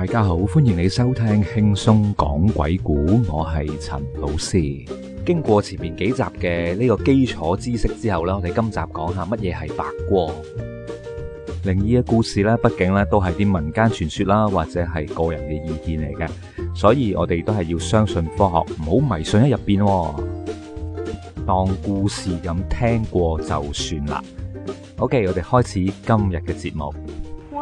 大家好，歡迎你收聽輕鬆講鬼故。我係陳老師。經過前面幾集嘅呢個基礎知識之後呢，我哋今集講下乜嘢係白光靈異嘅故事呢，畢竟呢都係啲民間傳說啦，或者係個人嘅意見嚟嘅，所以我哋都係要相信科學，唔好迷信喺入邊，當故事咁聽過就算啦。OK，我哋開始今日嘅節目。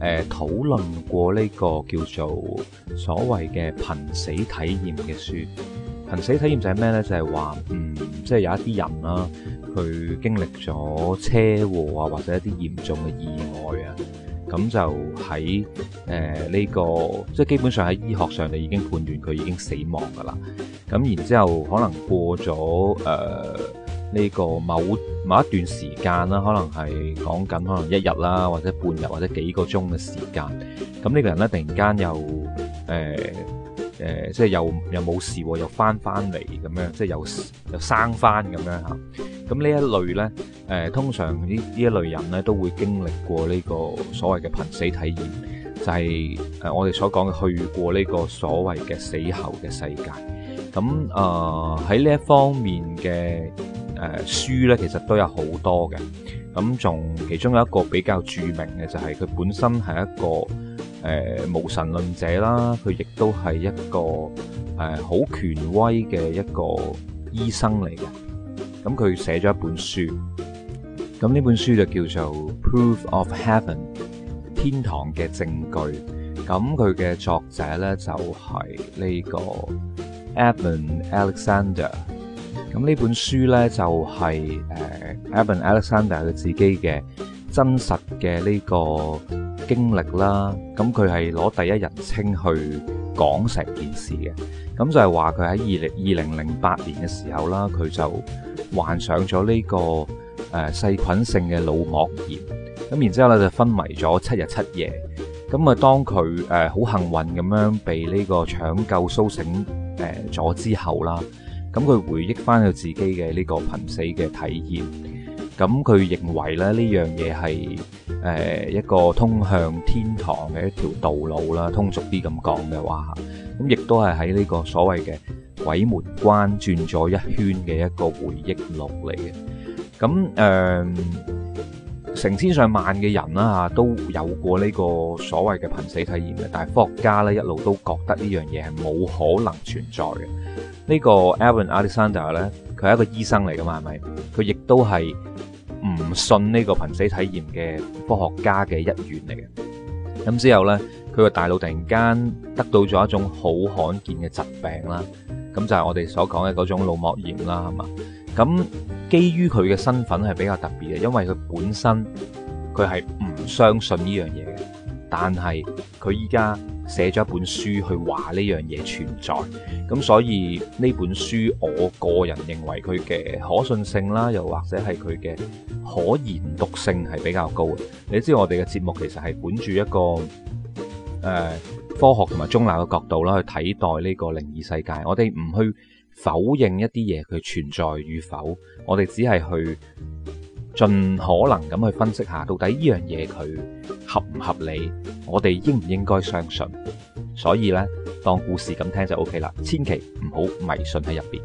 誒討論過呢個叫做所謂嘅瀕死體驗嘅書，瀕死體驗就係咩呢？就係、是、話，嗯，即、就、係、是、有一啲人啦、啊，佢經歷咗車禍啊，或者一啲嚴重嘅意外啊，咁就喺誒呢個，即係基本上喺醫學上就已經判斷佢已經死亡㗎啦。咁然之後，可能過咗誒呢個某。某一段時間啦，可能係講緊可能一日啦，或者半日或者幾個鐘嘅時,時間。咁呢個人咧，突然間又誒誒、呃呃，即係又又冇事，又翻翻嚟咁樣，即係又又生翻咁樣嚇。咁呢一類咧，誒、呃、通常呢呢一類人咧，都會經歷過呢個所謂嘅瀕死體驗，就係、是、誒我哋所講嘅去過呢個所謂嘅死後嘅世界。咁啊喺呢一方面嘅。誒，書咧其實都有好多嘅，咁仲其中有一個比較著名嘅就係佢本身係一個誒、呃、無神論者啦，佢亦都係一個誒好、呃、權威嘅一個醫生嚟嘅，咁佢寫咗一本書，咁呢本書就叫做《Proof of Heaven》天堂嘅證據，咁佢嘅作者咧就係、是、呢個 Eben Alexander。咁呢本書咧就係、是、誒 Eben Alexander 佢自己嘅真實嘅呢個經歷啦。咁佢係攞第一人稱去講成件事嘅。咁就係話佢喺二零二零零八年嘅時候啦，佢就患上咗呢個誒細菌性嘅腦膜炎。咁然之後咧就昏迷咗七日七夜。咁啊，當佢誒好幸運咁樣被呢個搶救蘇醒誒咗之後啦。咁佢回憶翻佢自己嘅呢個瀕死嘅體驗，咁佢認為咧呢樣嘢係誒一個通向天堂嘅一條道路啦，通俗啲咁講嘅話，咁亦都係喺呢個所謂嘅鬼門關轉咗一圈嘅一個回憶錄嚟嘅。咁、呃、成千上萬嘅人啦嚇都有過呢個所謂嘅瀕死體驗嘅，但係科學家咧一路都覺得呢樣嘢係冇可能存在嘅。呢個 Alvin Alexander 咧，佢係一個醫生嚟噶嘛，係咪？佢亦都係唔信呢個瀕死體驗嘅科學家嘅一員嚟嘅。咁之後咧，佢個大腦突然間得到咗一種好罕見嘅疾病啦。咁就係我哋所講嘅嗰種腦膜炎啦，係嘛？咁基於佢嘅身份係比較特別嘅，因為佢本身佢係唔相信呢樣嘢嘅，但係佢依家。寫咗一本書去話呢樣嘢存在，咁所以呢本書我個人認為佢嘅可信性啦，又或者係佢嘅可言讀性係比較高嘅。你知道我哋嘅節目其實係本住一個誒、呃、科學同埋中立嘅角度啦，去睇待呢個靈異世界。我哋唔去否認一啲嘢佢存在與否，我哋只係去，盡可能咁去分析下，到底呢樣嘢佢合唔合理？我哋應唔應該相信？所以呢，當故事咁聽就 OK 啦，千祈唔好迷信喺入邊。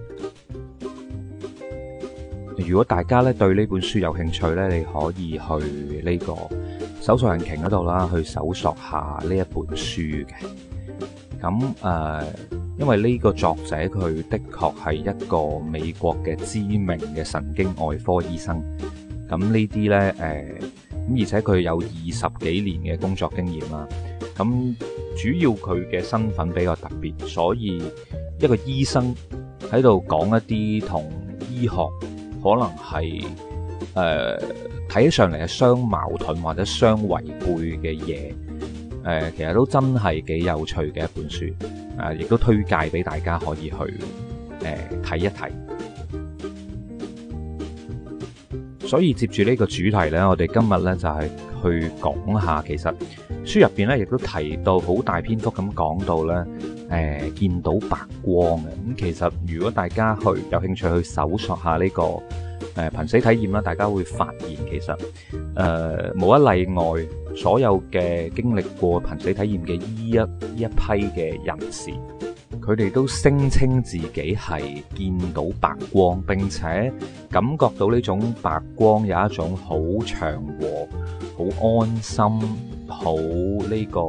如果大家呢對呢本書有興趣呢，你可以去呢個搜索引擎嗰度啦，去搜索下呢一本書嘅。咁誒、呃，因為呢個作者佢的確係一個美國嘅知名嘅神經外科醫生。咁呢啲呢，誒咁而且佢有二十幾年嘅工作經驗啦。咁主要佢嘅身份比較特別，所以一個醫生喺度講一啲同醫學可能係誒睇起上嚟係相矛盾或者相違背嘅嘢，誒、呃、其實都真係幾有趣嘅一本書，誒、啊、亦都推介俾大家可以去誒睇、呃、一睇。所以接住呢個主題呢，我哋今日呢就係去講下，其實書入邊呢亦都提到好大篇幅咁講到呢，誒、呃、見到白光嘅，咁。其實如果大家去有興趣去搜索下呢、呢個誒瀕、呃、死體驗啦，大家會發現其實誒冇、呃、一例外，所有嘅經歷過瀕死體驗嘅依一一批嘅人士。佢哋都聲稱自己係見到白光，並且感覺到呢種白光有一種好祥和、好安心、好呢個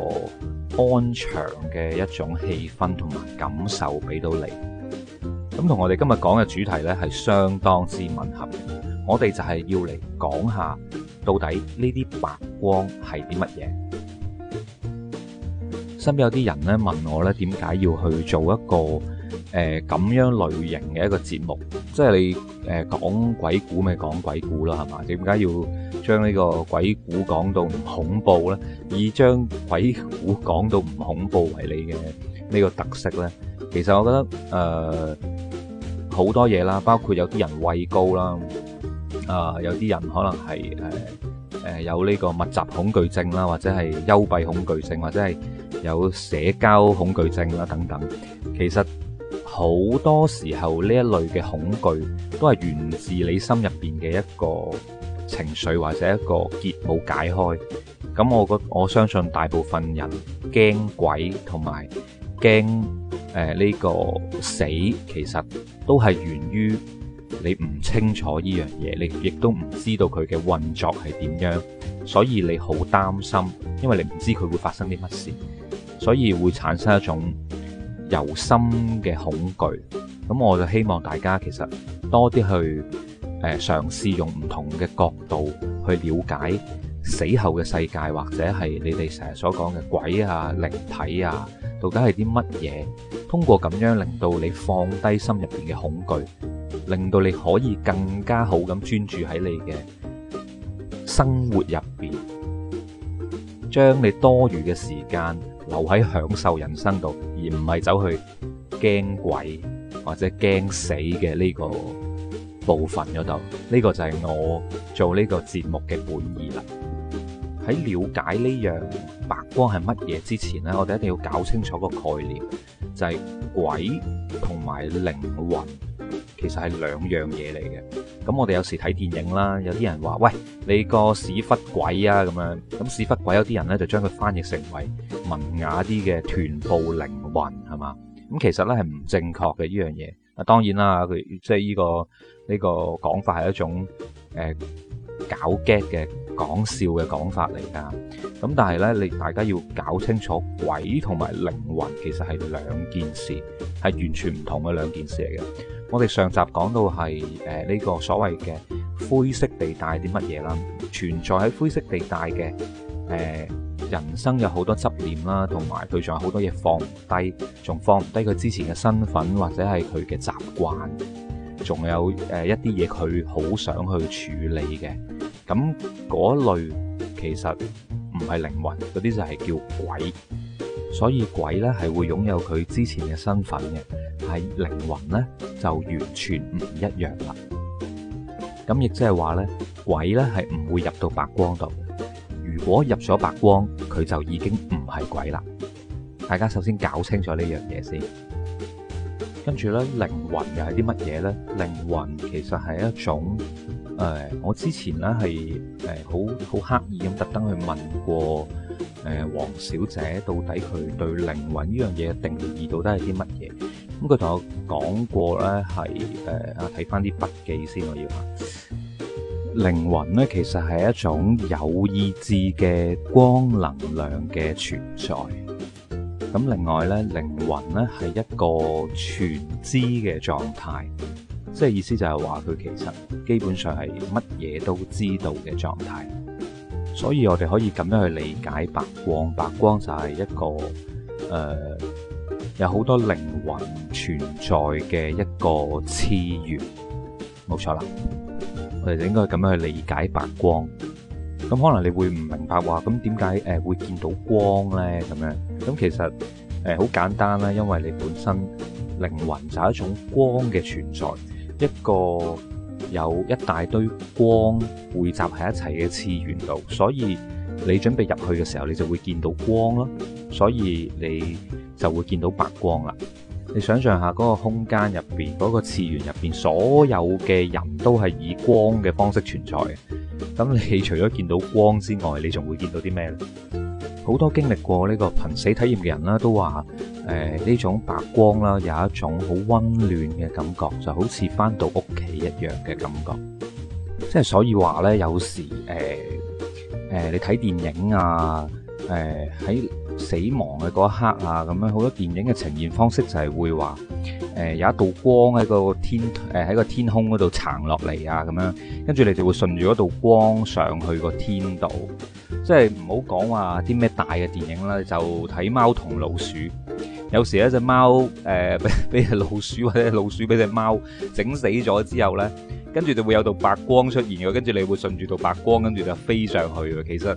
安詳嘅一種氣氛同埋感受俾到你。咁同我哋今日講嘅主題呢係相當之吻合嘅。我哋就係要嚟講下到底呢啲白光係啲乜嘢。身邊有啲人咧問我咧，點解要去做一個誒咁樣類型嘅一個節目，即係你誒講鬼故咪講鬼故啦，係嘛？點解要將呢個鬼故講到唔恐怖咧？以將鬼故講到唔恐怖為你嘅呢個特色咧，其實我覺得誒好多嘢啦，包括有啲人畏高啦，啊有啲人可能係誒誒有呢個密集恐懼症啦，或者係幽閉恐懼症，或者係。有社交恐懼症啦，等等。其實好多時候呢一類嘅恐懼都係源自你心入邊嘅一個情緒，或者一個結冇解開。咁我覺我相信大部分人驚鬼同埋驚誒呢個死，其實都係源於你唔清楚呢樣嘢，你亦都唔知道佢嘅運作係點樣，所以你好擔心，因為你唔知佢會發生啲乜事。所以，會產生一種，留喺享受人生度，而唔係走去驚鬼或者驚死嘅呢個部分嗰度。呢個就係我做呢個節目嘅本意啦。喺了解呢樣白光係乜嘢之前咧，我哋一定要搞清楚個概念，就係鬼同埋靈魂。其實係兩樣嘢嚟嘅。咁我哋有時睇電影啦，有啲人話，喂，你個屎忽鬼啊咁樣。咁屎忽鬼有啲人咧就將佢翻譯成為文雅啲嘅臀部靈魂，係嘛？咁其實咧係唔正確嘅呢樣嘢。啊，當然啦，佢即係依、這個呢、這個講法係一種誒、呃、搞 get 嘅講笑嘅講法嚟㗎。咁但係咧，你大家要搞清楚鬼同埋靈魂其實係兩件事，係完全唔同嘅兩件事嚟嘅。我哋上集講到係呃、呢個所謂嘅灰色地帶啲乜嘢啦，存在喺灰色地帶嘅、呃、人生有好多執念啦，同埋佢仲有好多嘢放唔低，仲放唔低佢之前嘅身份或者係佢嘅習慣，仲有呃、一啲嘢佢好想去處理嘅。咁嗰類其實唔係靈魂，嗰啲就係叫鬼。所以鬼呢係會擁有佢之前嘅身份嘅。喺靈魂咧就完全唔一樣啦，咁亦即係話咧，鬼咧係唔會入到白光度，如果入咗白光，佢就已經唔係鬼啦。大家首先搞清楚呢樣嘢先，跟住咧靈魂又係啲乜嘢咧？靈魂其實係一種誒、呃，我之前咧係誒好好刻意咁特登去問過誒、呃、黃小姐，到底佢對靈魂呢樣嘢定義到底係啲乜嘢？咁佢同我講過咧，係誒，啊，睇返啲筆記先，我要啊。靈魂咧其實係一種有意志嘅光能量嘅存在。咁另外咧，靈魂咧係一個全知嘅狀態，即係意思就係話佢其實基本上係乜嘢都知道嘅狀態。所以我哋可以咁樣去理解白光，白光就係一個誒，有好多靈魂存在嘅一個次元，冇錯啦。我哋就應該咁樣去理解白光。咁可能你會唔明白話，咁點解誒會見到光咧？咁樣咁其實誒好簡單啦，因為你本身靈魂就係一種光嘅存在，一個有一大堆光匯集喺一齊嘅次元度，所以。你準備入去嘅時候，你就會見到光咯，所以你就會見到白光啦。你想象下嗰個空間入面，嗰個次元入面，所有嘅人都係以光嘅方式存在嘅。咁你除咗見到光之外，你仲會見到啲咩呢？好多經歷過呢個瀕死體驗嘅人啦，都話誒呢種白光啦，有一種好温暖嘅感覺，就好似翻到屋企一樣嘅感覺。即係所以話呢，有時、呃誒、呃，你睇電影啊？誒、呃，喺死亡嘅嗰一刻啊，咁樣好多電影嘅呈現方式就係會話誒、呃、有一道光喺個天誒喺、呃、個天空嗰度撐落嚟啊，咁樣跟住你就會順住嗰道光上去個天度。即係唔好講話啲咩大嘅電影啦，就睇貓同老鼠。有時一隻貓誒，俾、呃、俾隻老鼠或者老鼠俾隻貓整死咗之後咧。跟住就會有道白光出現嘅，跟住你會順住道白光，跟住就飛上去嘅。其實，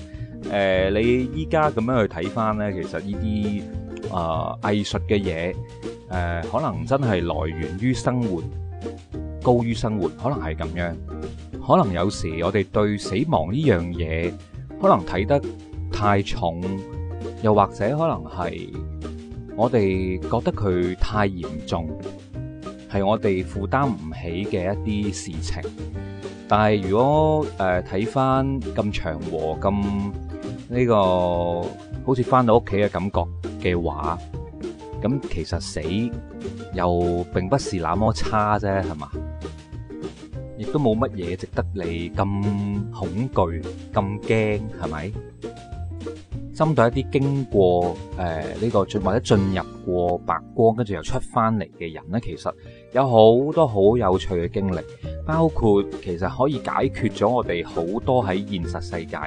呃，你依家咁樣去睇返呢，其實呢啲呃藝術嘅嘢，呃，可能真係來源於生活，高於生活，可能係咁樣。可能有時我哋對死亡呢樣嘢，可能睇得太重，又或者可能係我哋覺得佢太嚴重。係我哋負擔唔起嘅一啲事情，但係如果誒睇翻咁祥和咁呢，這個好似翻到屋企嘅感覺嘅話，咁其實死又並不是那麼差啫，係嘛？亦都冇乜嘢值得你咁恐懼，咁驚，係咪？針對一啲經過誒呢，呃這個進或者進入過白光，跟住又出翻嚟嘅人咧，其實。有好多好有趣嘅經歷，包括其實可以解決咗我哋好多喺現實世界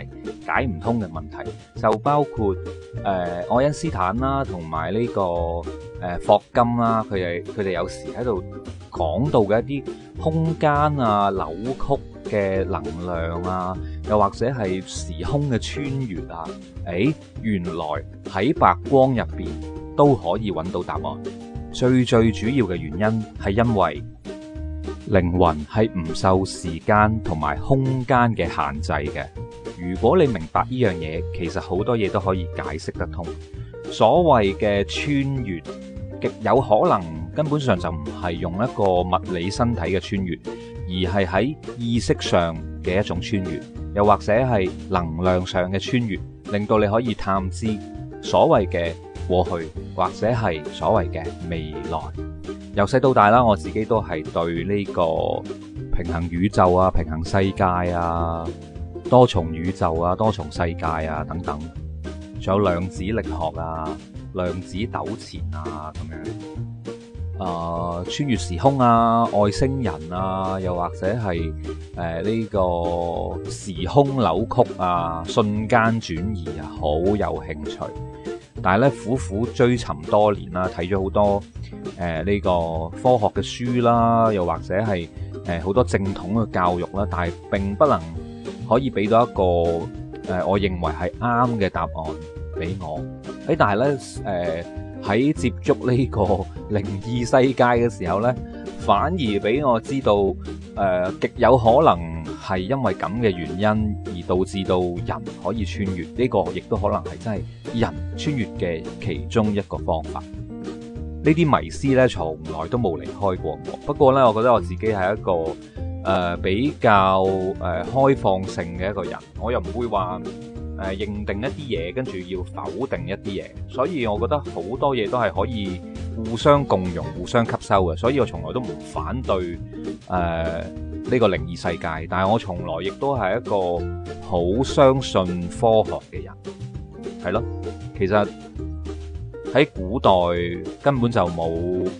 解唔通嘅問題，就包括誒、呃、愛因斯坦啦、啊，同埋呢個誒、呃、霍金啦、啊，佢哋佢哋有時喺度講到嘅一啲空間啊、扭曲嘅能量啊，又或者係時空嘅穿越啊，誒、欸，原來喺白光入邊都可以揾到答案。最最主要嘅原因係因為靈魂係唔受時間同埋空間嘅限制嘅。如果你明白呢樣嘢，其實好多嘢都可以解釋得通。所謂嘅穿越，極有可能根本上就唔係用一個物理身體嘅穿越，而係喺意識上嘅一種穿越，又或者係能量上嘅穿越，令到你可以探知所謂嘅。過去或者係所謂嘅未來，由細到大啦，我自己都係對呢個平衡宇宙啊、平衡世界啊、多重宇宙啊、多重世界啊等等，仲有量子力學啊、量子糾纏啊咁樣啊，呃，穿越時空啊、外星人啊，又或者係誒呢個時空扭曲啊、瞬間轉移啊，好有興趣。但係咧，苦苦追尋多年啦，睇咗好多誒呢、呃這個科學嘅書啦，又或者係誒好多正統嘅教育啦，但係並不能可以俾到一個誒、呃，我認為係啱嘅答案俾我。誒、哎，但係咧誒，喺、呃、接觸呢個靈異世界嘅時候咧，反而俾我知道。誒，極有可能係因為咁嘅原因而導致到人可以穿越呢個，亦都可能係真係人穿越嘅其中一個方法。呢啲迷思呢，從來都冇離開過我。不過呢，我覺得我自己係一個誒比較誒開放性嘅一個人，我又唔會話誒認定一啲嘢，跟住要否定一啲嘢，所以我覺得好多嘢都係可以。互相共融、互相吸收嘅，所以我從來都唔反對誒呢個靈異世界。但係我從來亦都係一個好相信科學嘅人，係咯。其實喺古代根本就冇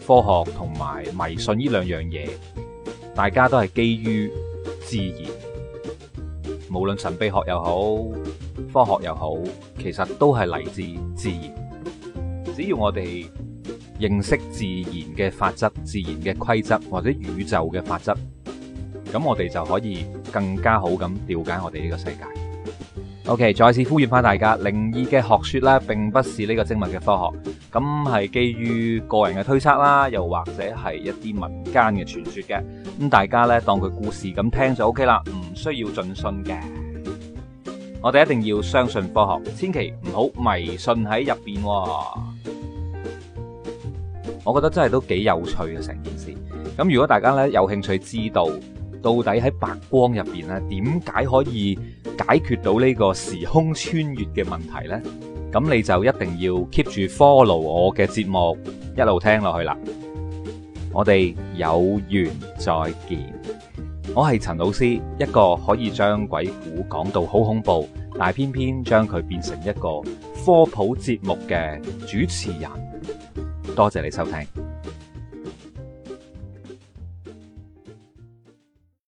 科學同埋迷信呢兩樣嘢，大家都係基於自然。無論神秘學又好，科學又好，其實都係嚟自自然。只要我哋，認識自然嘅法則、自然嘅規則或者宇宙嘅法則，咁我哋就可以更加好咁了解我哋呢個世界。OK，再次呼籲翻大家，靈異嘅學說呢，並不是呢個精密嘅科學，咁係基於個人嘅推測啦，又或者係一啲民間嘅傳說嘅。咁大家呢，當佢故事咁聽就 OK 啦，唔需要盡信嘅。我哋一定要相信科學，千祈唔好迷信喺入邊。我覺得真係都幾有趣嘅，成件事咁。如果大家呢有興趣知道到底喺白光入邊呢點解可以解決到呢個時空穿越嘅問題呢，咁你就一定要 keep 住 follow 我嘅節目，一路聽落去啦。我哋有緣再見，我係陳老師，一個可以將鬼故講到好恐怖，但係偏偏將佢變成一個科普節目嘅主持人。多謝你收聽。